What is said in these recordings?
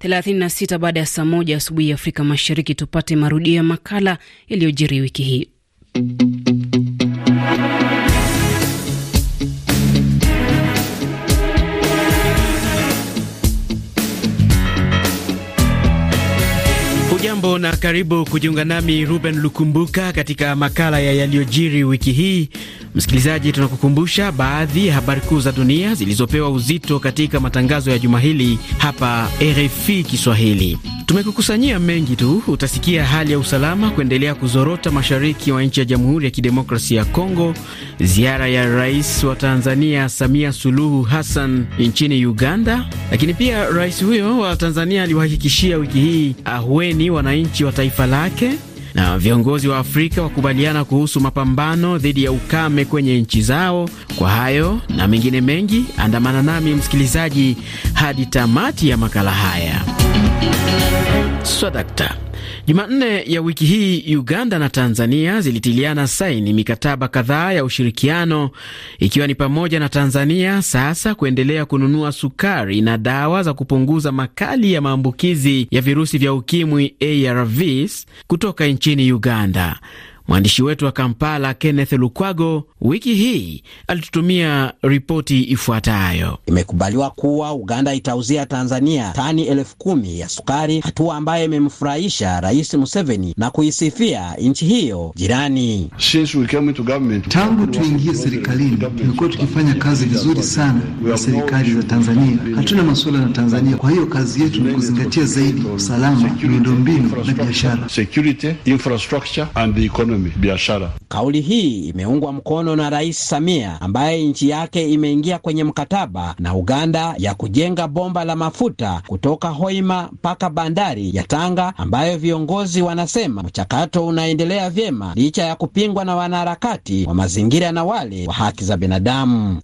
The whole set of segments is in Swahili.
36 baada ya saa moja asubuhi ya Afrika Mashariki, tupate marudio ya makala yaliyojiri wiki hii. Jambo na karibu kujiunga nami Ruben Lukumbuka katika makala ya yaliyojiri wiki hii Msikilizaji, tunakukumbusha baadhi ya habari kuu za dunia zilizopewa uzito katika matangazo ya juma hili hapa RFI Kiswahili. Tumekukusanyia mengi tu. Utasikia hali ya usalama kuendelea kuzorota mashariki mwa nchi ya Jamhuri ya Kidemokrasia ya Kongo, ziara ya rais wa Tanzania Samia Suluhu Hassan nchini Uganda, lakini pia rais huyo wa Tanzania aliwahakikishia wiki hii ahueni wananchi wa taifa lake na viongozi wa Afrika wakubaliana kuhusu mapambano dhidi ya ukame kwenye nchi zao. Kwa hayo na mengine mengi, andamana nami msikilizaji hadi tamati ya makala haya. Swadakta. Jumanne ya wiki hii Uganda na Tanzania zilitiliana saini mikataba kadhaa ya ushirikiano ikiwa ni pamoja na Tanzania sasa kuendelea kununua sukari na dawa za kupunguza makali ya maambukizi ya virusi vya ukimwi ARVs kutoka nchini Uganda. Mwandishi wetu wa Kampala, Kenneth Lukwago, wiki hii alitutumia ripoti ifuatayo. Imekubaliwa kuwa Uganda itauzia Tanzania tani elfu kumi ya sukari, hatua ambayo imemfurahisha Rais Museveni na kuisifia nchi hiyo jirani. Tangu tuingie serikalini, tumekuwa tukifanya kazi vizuri sana na serikali za Tanzania. Hatuna masuala na Tanzania, kwa hiyo kazi yetu ni kuzingatia zaidi usalama, miundombinu na biashara, economy, biashara. Kauli hii imeungwa mkono na Rais Samia ambaye nchi yake imeingia kwenye mkataba na Uganda ya kujenga bomba la mafuta kutoka Hoima mpaka bandari ya Tanga, ambayo viongozi wanasema mchakato unaendelea vyema licha ya kupingwa na wanaharakati wa mazingira na wale wa haki za binadamu.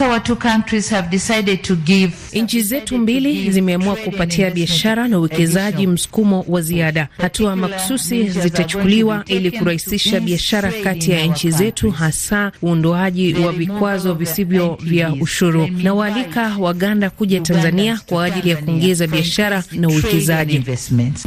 Nchi zetu mbili zimeamua kupatia biashara na uwekezaji msukumo wa ziada. Hatua makususi zitachukuliwa ili kurahisisha biashara biashara kati ya nchi zetu, hasa uondoaji wa vikwazo visivyo vya ushuru. Na waalika Waganda kuja Tanzania kwa ajili ya kuongeza biashara na uwekezaji.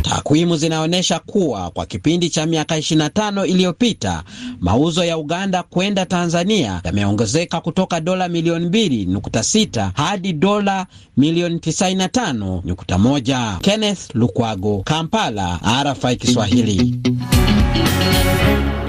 Takwimu zinaonyesha kuwa kwa kipindi cha miaka 25 iliyopita mauzo ya Uganda kwenda Tanzania yameongezeka kutoka dola milioni 2.6 hadi dola milioni 95.1. Kenneth Lukwago, Kampala, RFI Kiswahili.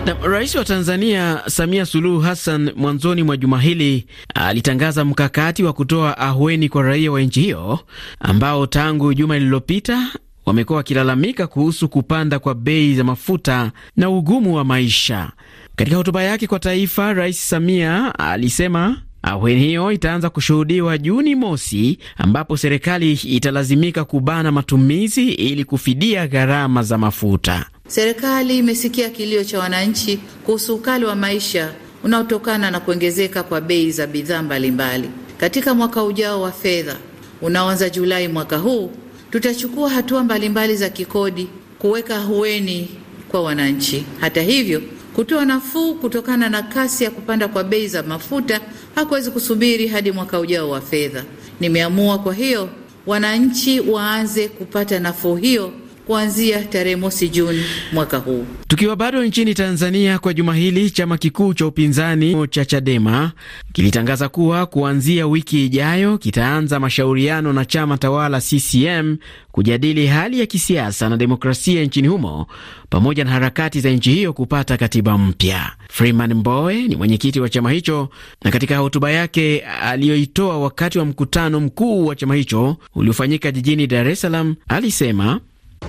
Na Rais wa Tanzania Samia Suluhu Hassan mwanzoni mwa juma hili alitangaza mkakati wa kutoa ahueni kwa raia wa nchi hiyo ambao tangu juma lililopita wamekuwa wakilalamika kuhusu kupanda kwa bei za mafuta na ugumu wa maisha. Katika hotuba yake kwa taifa, Rais Samia alisema ahueni hiyo itaanza kushuhudiwa Juni mosi, ambapo serikali italazimika kubana matumizi ili kufidia gharama za mafuta. Serikali imesikia kilio cha wananchi kuhusu ukali wa maisha unaotokana na kuongezeka kwa bei za bidhaa mbalimbali. Katika mwaka ujao wa fedha unaoanza Julai mwaka huu, tutachukua hatua mbalimbali za kikodi kuweka hueni kwa wananchi. Hata hivyo, kutoa nafuu kutokana na kasi ya kupanda kwa bei za mafuta hakuwezi kusubiri hadi mwaka ujao wa fedha. Nimeamua kwa hiyo wananchi waanze kupata nafuu hiyo kuanzia tarehe mosi Juni mwaka huu. Tukiwa bado nchini Tanzania, kwa juma hili chama kikuu cha upinzani cha Chadema kilitangaza kuwa kuanzia wiki ijayo kitaanza mashauriano na chama tawala CCM kujadili hali ya kisiasa na demokrasia nchini humo pamoja na harakati za nchi hiyo kupata katiba mpya. Freeman Mbowe ni mwenyekiti wa chama hicho, na katika hotuba yake aliyoitoa wakati wa mkutano mkuu wa chama hicho uliofanyika jijini Dar es Salaam alisema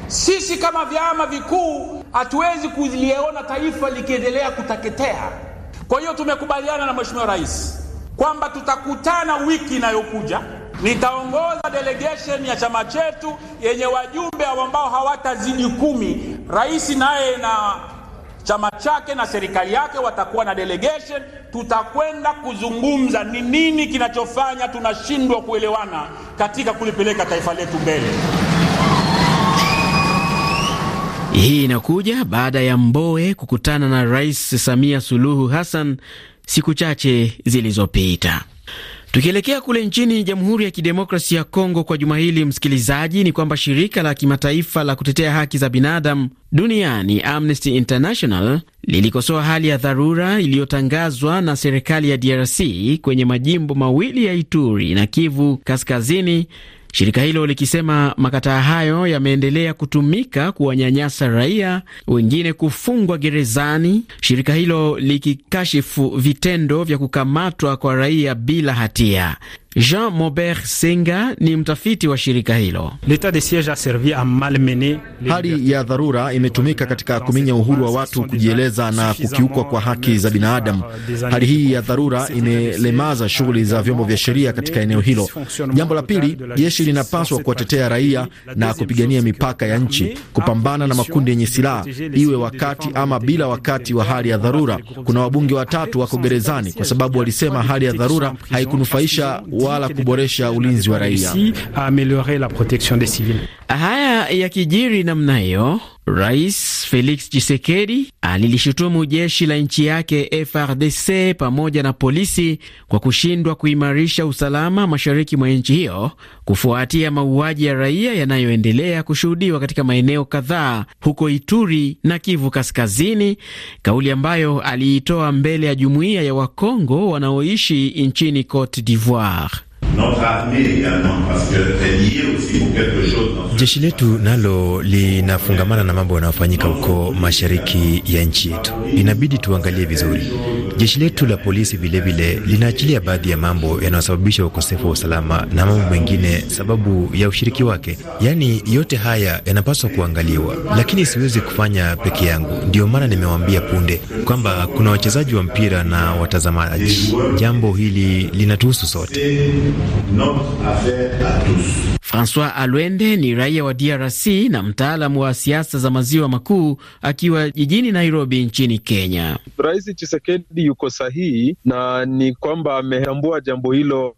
sisi kama vyama vikuu hatuwezi kuliona taifa likiendelea kuteketea. Kwa hiyo tumekubaliana na Mheshimiwa Rais kwamba tutakutana wiki inayokuja, nitaongoza delegation ya chama chetu yenye wajumbe ambao hawatazidi kumi. Rais naye na chama chake na serikali yake watakuwa na delegation. Tutakwenda kuzungumza ni nini kinachofanya tunashindwa kuelewana katika kulipeleka taifa letu mbele. Hii inakuja baada ya Mbowe kukutana na Rais Samia Suluhu Hassan siku chache zilizopita. Tukielekea kule nchini Jamhuri ya Kidemokrasia ya Kongo kwa juma hili, msikilizaji, ni kwamba shirika la kimataifa la kutetea haki za binadamu duniani Amnesty International lilikosoa hali ya dharura iliyotangazwa na serikali ya DRC kwenye majimbo mawili ya Ituri na Kivu Kaskazini Shirika hilo likisema makataa hayo yameendelea kutumika kuwanyanyasa raia wengine, kufungwa gerezani, shirika hilo likikashifu vitendo vya kukamatwa kwa raia bila hatia. Jean Mobert Senga ni mtafiti wa shirika hilo. Hali ya dharura imetumika katika kuminya uhuru wa watu kujieleza na kukiukwa kwa haki za binadamu. Euh, hali hii ya dharura imelemaza shughuli za vyombo vya sheria katika eneo hilo. Jambo la pili, jeshi linapaswa kuwatetea raia na kupigania mipaka ya nchi, kupambana na makundi yenye silaha, iwe wakati ama bila wakati wa hali ya dharura. Kuna wabunge watatu wako gerezani kwa sababu walisema hali ya dharura haikunufaisha wala kuboresha ulinzi wa raia, améliorer la protection des civils. aha ya kijiri namna hiyo, Rais Felix Tshisekedi alilishutumu jeshi la nchi yake FRDC pamoja na polisi kwa kushindwa kuimarisha usalama mashariki mwa nchi hiyo kufuatia mauaji ya raia yanayoendelea kushuhudiwa katika maeneo kadhaa huko Ituri na Kivu Kaskazini, kauli ambayo aliitoa mbele ya jumuiya ya Wakongo wanaoishi nchini Cote d'Ivoire. Jeshi letu nalo linafungamana na mambo yanayofanyika huko mashariki ya nchi yetu, inabidi tuangalie vizuri. Jeshi letu la polisi vilevile linaachilia baadhi ya mambo yanayosababisha ukosefu wa usalama na mambo mengine sababu ya ushiriki wake. Yaani yote haya yanapaswa kuangaliwa, lakini siwezi kufanya peke yangu. Ndiyo maana nimewaambia punde kwamba kuna wachezaji wa mpira na watazamaji. Jambo hili linatuhusu sote. Francois Alwende ni raia wa DRC na mtaalamu wa siasa za maziwa makuu akiwa jijini Nairobi nchini Kenya. Rais Chisekedi yuko sahihi na ni kwamba ametambua jambo hilo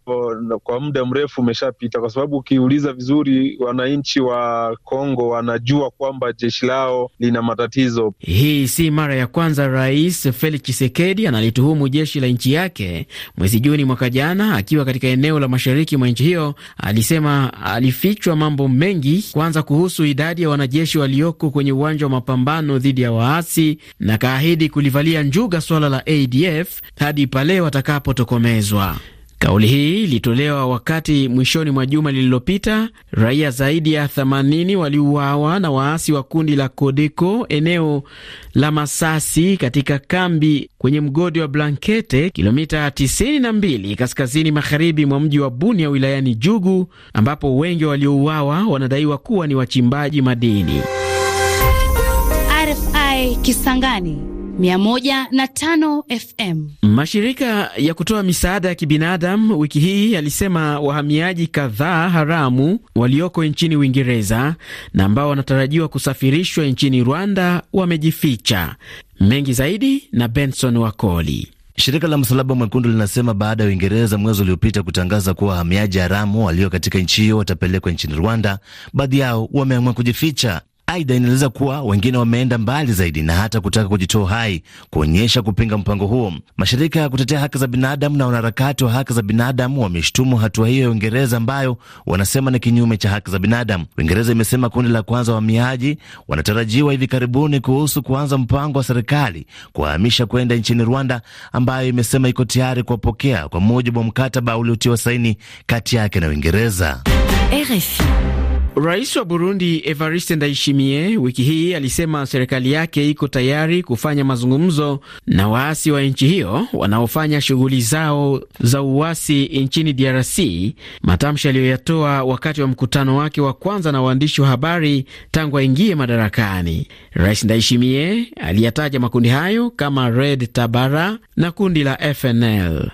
kwa muda mrefu umeshapita, kwa sababu ukiuliza vizuri, wananchi wa Kongo wanajua kwamba jeshi lao lina matatizo. Hii si mara ya kwanza Rais Felix Chisekedi analituhumu jeshi la nchi yake. Mwezi Juni mwaka jana, akiwa katika eneo la mashariki mwa nchi hiyo, alisema alifichwa mambo mengi, kwanza kuhusu idadi ya wanajeshi walioko kwenye uwanja wa mapambano dhidi ya waasi, na kaahidi kulivalia njuga swala la ADF hadi pale watakapotokomezwa. Kauli hii ilitolewa wakati mwishoni mwa juma lililopita raia zaidi ya 80 waliuawa na waasi wa kundi la Kodeko eneo la Masasi katika kambi kwenye mgodi wa Blankete, kilomita 92 kaskazini magharibi mwa mji wa Bunia wilayani Jugu, ambapo wengi waliouawa wanadaiwa kuwa ni wachimbaji madini. RFI Kisangani 105 FM. Mashirika ya kutoa misaada ya kibinadamu wiki hii yalisema wahamiaji kadhaa haramu walioko nchini Uingereza na ambao wanatarajiwa kusafirishwa nchini Rwanda wamejificha. Mengi zaidi na Benson Wakoli. Shirika la Msalaba Mwekundu linasema baada ya Uingereza mwezi uliopita kutangaza kuwa wahamiaji haramu walio katika nchi hiyo watapelekwa nchini Rwanda, baadhi yao wameamua kujificha. Aidha, inaeleza kuwa wengine wameenda mbali zaidi na hata kutaka kujitoa hai kuonyesha kupinga mpango huo. Mashirika ya kutetea haki za binadamu na wanaharakati wa haki za binadamu wameshtumu hatua hiyo ya Uingereza ambayo wanasema ni kinyume cha haki za binadamu. Uingereza imesema kundi la kwanza wahamiaji wanatarajiwa hivi karibuni kuhusu kuanza mpango wa serikali kuwahamisha kwenda nchini Rwanda, ambayo imesema iko tayari kuwapokea kwa mujibu wa mkataba uliotiwa saini kati yake na Uingereza. RFI Rais wa Burundi Evariste Ndayishimiye wiki hii alisema serikali yake iko tayari kufanya mazungumzo na waasi wa nchi hiyo wanaofanya shughuli zao za uasi nchini DRC, matamshi aliyoyatoa wakati wa mkutano wake wa kwanza na waandishi wa habari tangu aingie madarakani. Rais Ndayishimiye aliyataja makundi hayo kama Red Tabara na kundi la FNL.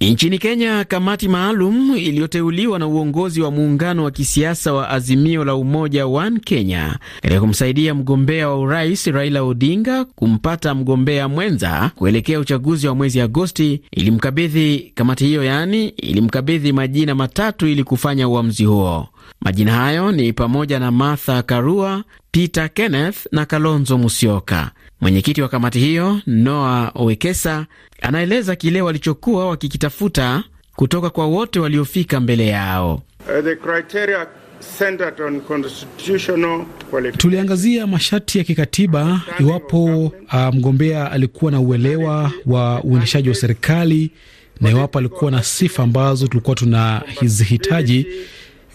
Nchini Kenya, kamati maalum iliyoteuliwa na uongozi wa muungano wa kisiasa wa Azim Azimio la Umoja One Kenya ili kumsaidia mgombea wa urais Raila Odinga kumpata mgombea mwenza kuelekea uchaguzi wa mwezi Agosti, ilimkabidhi kamati hiyo, yaani ilimkabidhi majina matatu ili kufanya uamuzi huo. Majina hayo ni pamoja na Martha Karua, Peter Kenneth na Kalonzo Musyoka. Mwenyekiti wa kamati hiyo Noah wekesa anaeleza kile walichokuwa wakikitafuta kutoka kwa wote waliofika mbele yao. Uh, the criteria Tuliangazia masharti ya kikatiba, iwapo uh, mgombea alikuwa na uelewa wa uendeshaji wa serikali na iwapo alikuwa na sifa ambazo tulikuwa tunazihitaji,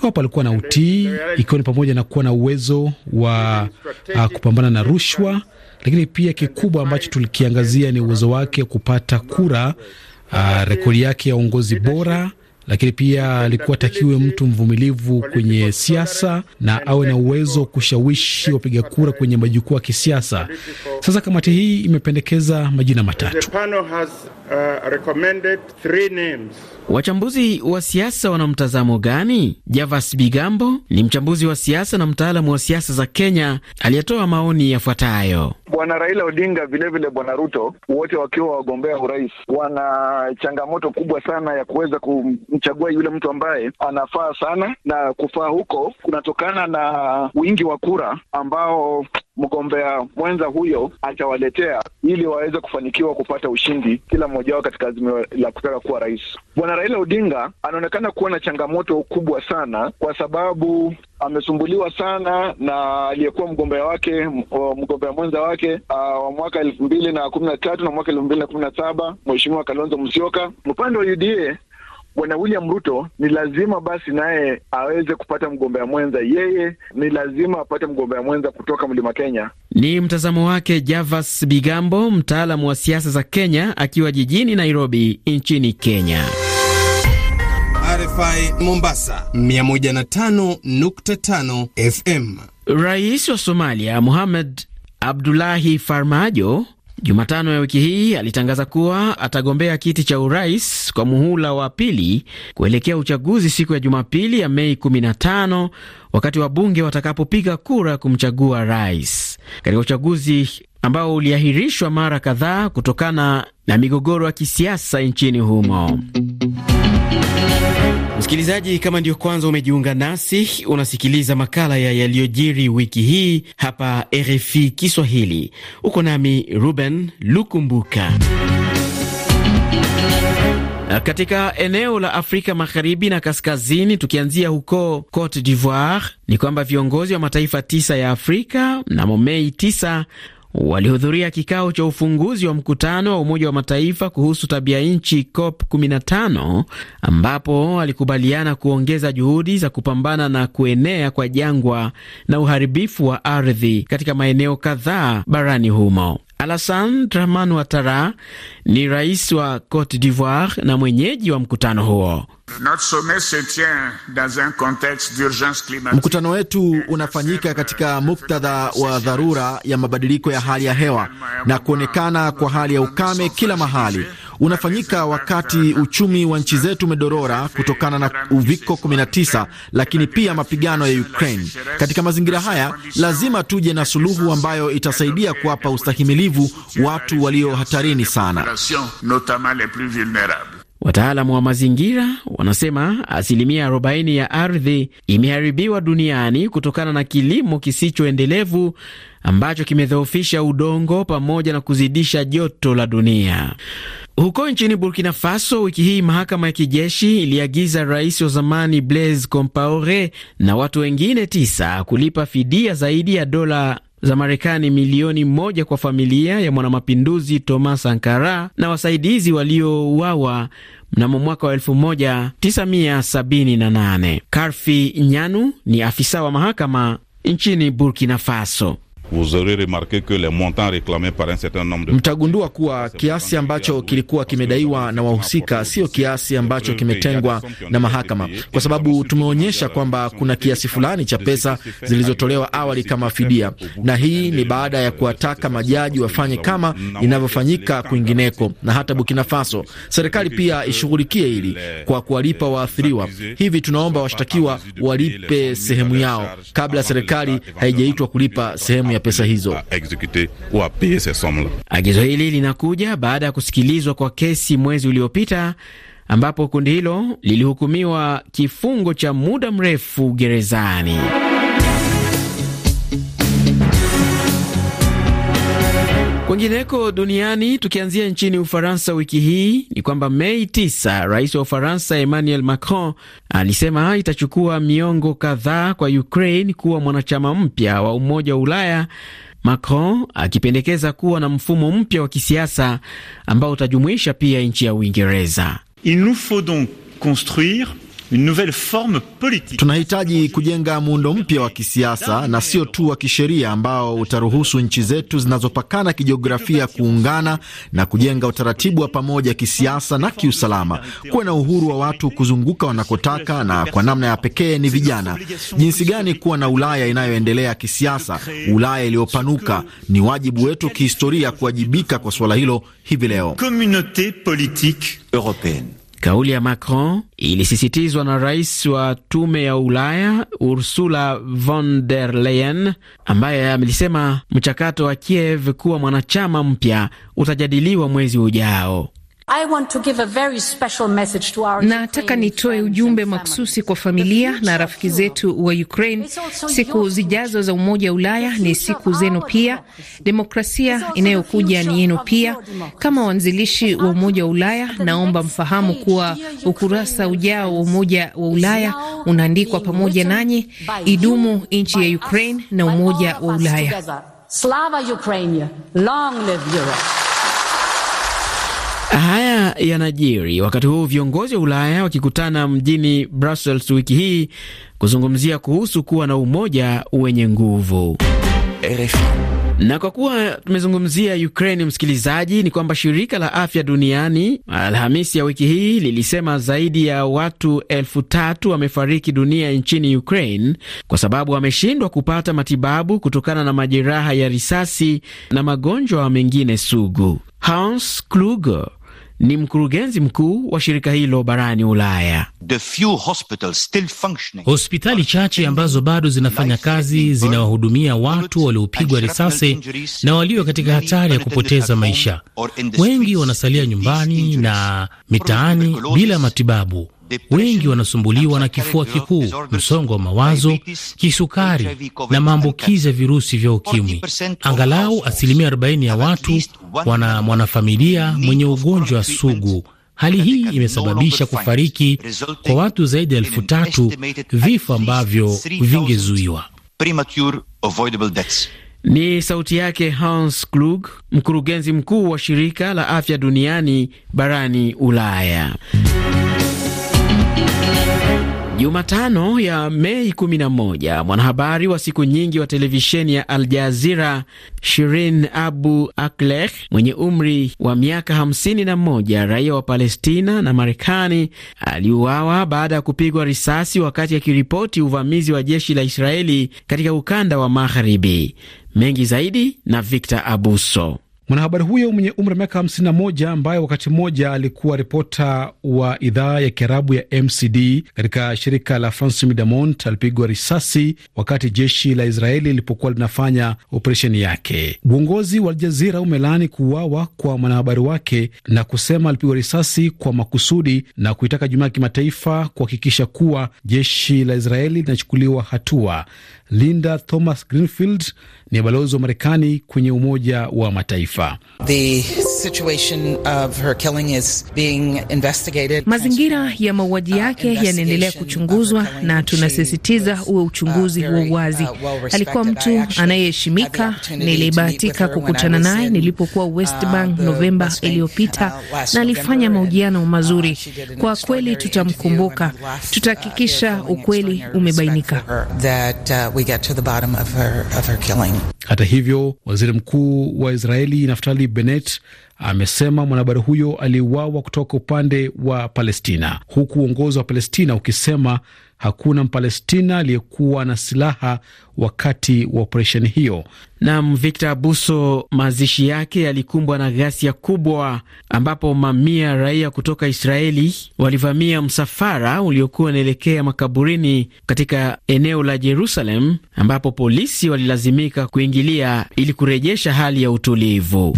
iwapo alikuwa na utii, ikiwa ni pamoja na kuwa na uwezo wa uh, kupambana na rushwa, lakini pia kikubwa ambacho tulikiangazia ni uwezo wake kupata kura, uh, rekodi yake ya uongozi bora lakini pia alikuwa takiwe mtu mvumilivu kwenye siasa na awe na uwezo wa kushawishi wapiga kura kwenye majukwaa ya kisiasa. Sasa kamati hii imependekeza majina matatu. Uh, Wachambuzi wa siasa wana mtazamo gani? Javas Bigambo ni mchambuzi wa siasa na mtaalamu wa siasa za Kenya aliyetoa maoni yafuatayo. Bwana Raila Odinga vilevile Bwana Ruto, wote wakiwa wagombea urais, wana changamoto kubwa sana ya kuweza ku kumchagua yule mtu ambaye anafaa sana, na kufaa huko kunatokana na wingi wa kura ambao mgombea mwenza huyo atawaletea ili waweze kufanikiwa kupata ushindi, kila mmoja wao katika azimio la kutaka kuwa rais. Bwana Raila Odinga anaonekana kuwa na changamoto kubwa sana, kwa sababu amesumbuliwa sana na aliyekuwa mgombea wake mgombea mwenza wake ah, wa mwaka elfu mbili na kumi na tatu na mwaka elfu mbili na kumi na saba Mheshimiwa Kalonzo Musyoka. Upande wa UDA Bwana William Ruto ni lazima basi naye aweze kupata mgombea mwenza, yeye ni lazima apate mgombea mwenza kutoka mlima Kenya. Ni mtazamo wake Javas Bigambo, mtaalamu wa siasa za Kenya, akiwa jijini Nairobi nchini Kenya. RFI Mombasa 105.5 FM. Rais wa Somalia Mohamed Abdullahi Farmajo Jumatano ya wiki hii alitangaza kuwa atagombea kiti cha urais kwa muhula wa pili kuelekea uchaguzi siku ya Jumapili ya Mei 15 wakati wabunge watakapopiga kura kumchagua rais katika uchaguzi ambao uliahirishwa mara kadhaa kutokana na migogoro ya kisiasa nchini humo. Msikilizaji, kama ndiyo kwanza umejiunga nasi, unasikiliza makala ya yaliyojiri wiki hii hapa RFI Kiswahili. Uko nami Ruben Lukumbuka. Katika eneo la Afrika magharibi na kaskazini, tukianzia huko Cote d'Ivoire, ni kwamba viongozi wa mataifa tisa ya Afrika mnamo Mei 9 walihudhuria kikao cha ufunguzi wa mkutano wa Umoja wa Mataifa kuhusu tabia nchi COP 15 ambapo walikubaliana kuongeza juhudi za kupambana na kuenea kwa jangwa na uharibifu wa ardhi katika maeneo kadhaa barani humo. Alassane Dramane Ouattara ni rais wa Cote d'Ivoire na mwenyeji wa mkutano huo. Mkutano wetu unafanyika katika muktadha wa dharura ya mabadiliko ya hali ya hewa na kuonekana kwa hali ya ukame kila mahali. Unafanyika wakati uchumi wa nchi zetu umedorora kutokana na uviko 19, lakini pia mapigano ya Ukraine. Katika mazingira haya, lazima tuje na suluhu ambayo itasaidia kuwapa ustahimilivu watu walio hatarini sana. Wataalamu wa mazingira wanasema asilimia 40 ya ardhi imeharibiwa duniani kutokana na kilimo kisichoendelevu ambacho kimedhoofisha udongo pamoja na kuzidisha joto la dunia. Huko nchini Burkina Faso, wiki hii mahakama ya kijeshi iliagiza rais wa zamani Blaise Compaore na watu wengine tisa kulipa fidia zaidi ya dola za Marekani milioni moja kwa familia ya mwanamapinduzi Thomas Sankara na wasaidizi waliouawa mnamo mwaka wa 1978. Karfi Nyanu ni afisa wa mahakama nchini Burkina Faso mtagundua kuwa kiasi ambacho kilikuwa kimedaiwa na wahusika sio kiasi ambacho kimetengwa na mahakama, kwa sababu tumeonyesha kwamba kuna kiasi fulani cha pesa zilizotolewa awali kama fidia, na hii ni baada ya kuwataka majaji wafanye kama inavyofanyika kwingineko na hata Burkina Faso. Serikali pia ishughulikie hili kwa kuwalipa waathiriwa. Hivi tunaomba washtakiwa walipe sehemu yao kabla serikali haijaitwa kulipa sehemu ya pesa hizo. Agizo hili linakuja baada ya kusikilizwa kwa kesi mwezi uliopita ambapo kundi hilo lilihukumiwa kifungo cha muda mrefu gerezani. Kwingineko duniani, tukianzia nchini Ufaransa wiki hii ni kwamba Mei 9 rais wa Ufaransa Emmanuel Macron alisema itachukua miongo kadhaa kwa Ukraine kuwa mwanachama mpya wa Umoja wa Ulaya, Macron akipendekeza kuwa na mfumo mpya wa kisiasa ambao utajumuisha pia nchi ya Uingereza. Il nous faut donc construire Tunahitaji kujenga muundo mpya wa kisiasa na sio tu wa kisheria ambao utaruhusu nchi zetu zinazopakana kijiografia kuungana na kujenga utaratibu wa pamoja kisiasa na kiusalama, kuwe na uhuru wa watu kuzunguka wanakotaka, na kwa namna ya pekee ni vijana. Jinsi gani kuwa na Ulaya inayoendelea kisiasa, Ulaya iliyopanuka? Ni wajibu wetu kihistoria kuwajibika kwa suala hilo hivi leo. Kauli ya Macron ilisisitizwa na rais wa tume ya Ulaya Ursula von der Leyen, ambaye amelisema mchakato wa Kiev kuwa mwanachama mpya utajadiliwa mwezi ujao. Nataka nitoe ujumbe maksusi kwa familia na rafiki zetu wa Ukraine. Siku zijazo za Umoja wa Ulaya ni siku zenu pia, demokrasia inayokuja ni yenu pia. Kama waanzilishi wa Umoja wa Ulaya, naomba mfahamu kuwa ukurasa ujao wa Umoja wa Ulaya unaandikwa pamoja nanyi. Idumu nchi ya Ukraine na Umoja wa Ulaya. Slava Ukraine, long live Europe. Haya yanajiri wakati huu viongozi wa Ulaya wakikutana mjini Brussels wiki hii kuzungumzia kuhusu kuwa na umoja wenye nguvu RFI. Na kwa kuwa tumezungumzia ukrain msikilizaji, ni kwamba shirika la afya duniani Alhamisi ya wiki hii lilisema zaidi ya watu elfu tatu wamefariki dunia nchini Ukraine kwa sababu wameshindwa kupata matibabu kutokana na majeraha ya risasi na magonjwa mengine sugu. Hans Kluge ni mkurugenzi mkuu wa shirika hilo barani Ulaya. hospitali chache ambazo bado zinafanya kazi zinawahudumia watu waliopigwa risasi na walio katika hatari ya kupoteza maisha. Wengi wanasalia nyumbani na mitaani bila matibabu. Wengi wanasumbuliwa na kifua kikuu, msongo wa mawazo, kisukari na maambukizi ya virusi vya ukimwi. Angalau asilimia 40 ya watu wana mwanafamilia mwenye ugonjwa sugu. Hali hii imesababisha kufariki kwa watu zaidi ya elfu tatu, vifo ambavyo vingezuiwa. Ni sauti yake Hans Klug, mkurugenzi mkuu wa shirika la afya duniani barani Ulaya. Jumatano ya Mei 11 mwanahabari wa siku nyingi wa televisheni ya Al Jazira Shirin Abu Akleh mwenye umri wa miaka 51 raia wa Palestina na Marekani aliuawa baada ya kupigwa risasi wakati akiripoti uvamizi wa jeshi la Israeli katika ukanda wa Magharibi. Mengi zaidi na Victor Abuso. Mwanahabari huyo mwenye umri wa miaka 51 ambaye wakati mmoja alikuwa ripota wa idhaa ya Kiarabu ya MCD katika shirika la France Midamont alipigwa risasi wakati jeshi la Israeli lilipokuwa linafanya operesheni yake. Uongozi wa Aljazira umelaani kuuawa kwa mwanahabari wake na kusema alipigwa risasi kwa makusudi na kuitaka jumuiya ya kimataifa kuhakikisha kuwa jeshi la Israeli linachukuliwa hatua. Linda Thomas Greenfield ni balozi wa Marekani kwenye Umoja wa Mataifa. The situation of her killing is being investigated. Mazingira ya uh, mauaji yake uh, yanaendelea kuchunguzwa na tunasisitiza uwe uchunguzi wa uh, wazi. uwazi. Uh, alikuwa mtu anayeheshimika. Nilibahatika kukutana naye nilipokuwa West Bank uh, Novemba iliyopita uh, na alifanya mahojiano uh, mazuri. Uh, kwa kweli tutamkumbuka, tutahakikisha ukweli umebainika we get to the bottom of her, of her killing. Hata hivyo, waziri mkuu wa Israeli Naftali Bennett amesema mwanahabari huyo aliuawa kutoka upande wa Palestina, huku uongozi wa Palestina ukisema hakuna Mpalestina aliyekuwa na silaha wakati wa operesheni hiyo. Nam Victor Abuso, mazishi yake yalikumbwa na ghasia kubwa, ambapo mamia ya raia kutoka Israeli walivamia msafara uliokuwa unaelekea makaburini katika eneo la Jerusalem, ambapo polisi walilazimika kuingilia ili kurejesha hali ya utulivu.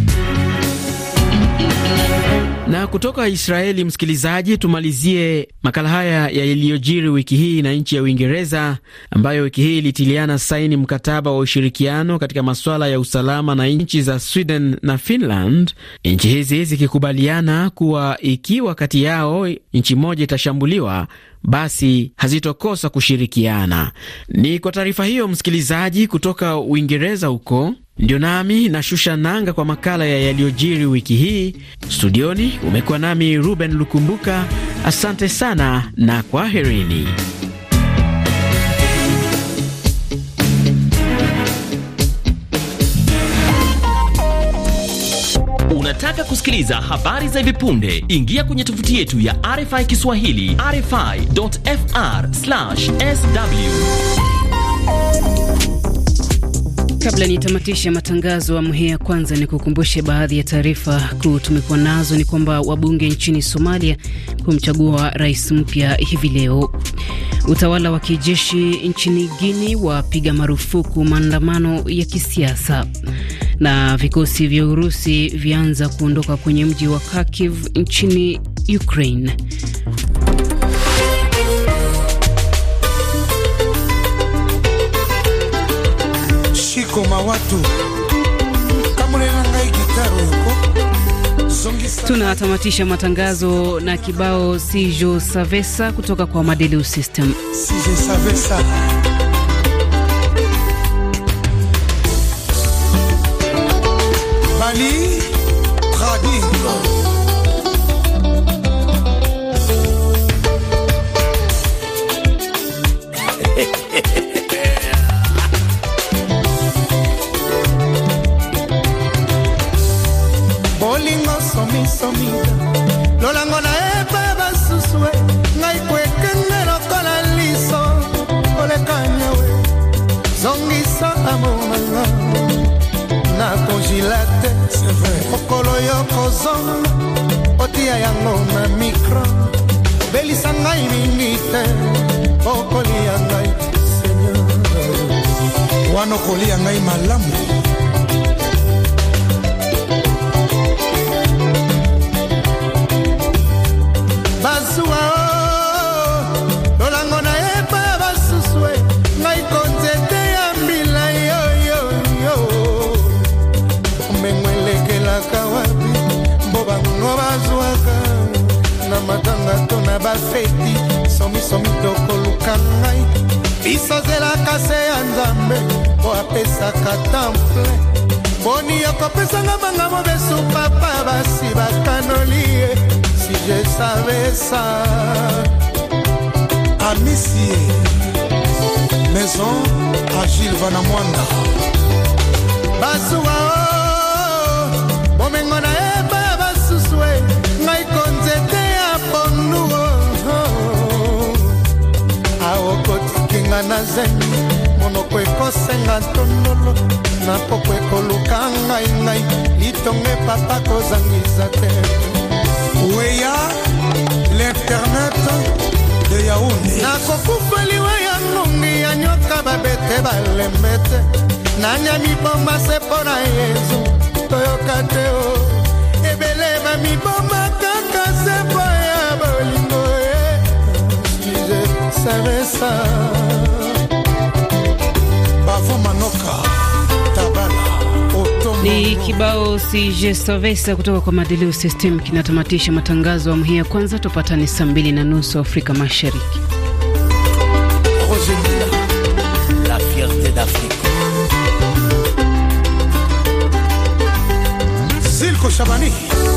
Na kutoka Israeli, msikilizaji, tumalizie makala haya yaliyojiri wiki hii na nchi ya Uingereza ambayo wiki hii ilitiliana saini mkataba wa ushirikiano katika masuala ya usalama na nchi za Sweden na Finland, nchi hizi zikikubaliana kuwa ikiwa kati yao nchi moja itashambuliwa basi hazitokosa kushirikiana. Ni kwa taarifa hiyo, msikilizaji, kutoka Uingereza huko ndio nami nashusha nanga kwa makala ya yaliyojiri wiki hii. Studioni umekuwa nami Ruben Lukumbuka, asante sana na kwaherini. Unataka kusikiliza habari za hivi punde? Ingia kwenye tovuti yetu ya RFI Kiswahili, rfi.fr/sw. Kabla nitamatishe matangazo awamu ya kwanza, ni kukumbushe baadhi ya taarifa kuu tumekuwa nazo. Ni kwamba wabunge nchini Somalia kumchagua rais mpya hivi leo. Utawala wa kijeshi nchini Guini wapiga marufuku maandamano ya kisiasa, na vikosi vya Urusi vyaanza kuondoka kwenye mji wa Kharkiv nchini Ukraine. Tunatamatisha matangazo na kibao Sijo Savesa kutoka kwa madeleu System. makila te mokolo yo kozonga otia yango na mikro belisa ngai mingi te okolia ngai wana okolia ngai malamu bazuwa bato na bafeti somisomi tokoluka ngai bisozelaka se ya nzambe mpo apesaka temple boni okopesanga banga mobesu papa basi bakanoli ye si je savais ça amisie maison agile vana mwanda basuwa o oh, bomengo na yeba nga na zemi monoko ekosenga ntondolo na poko ekoluka ngai ngai litongo epapa kozangisa te weya l'internet de yaune nakokufaliwa ya ngongi ya nyoka babete balemete nanyami bomba se mpo na yezu toyoka te o ebele bamibomba kaka se mpo ya bolingo e je savesa Ni kibao sijesovesa kutoka kwa Madeleo System kinatamatisha matangazo awamu hii ya kwanza. Tupatane saa mbili na nusu Afrika Mashariki. Silko Shabani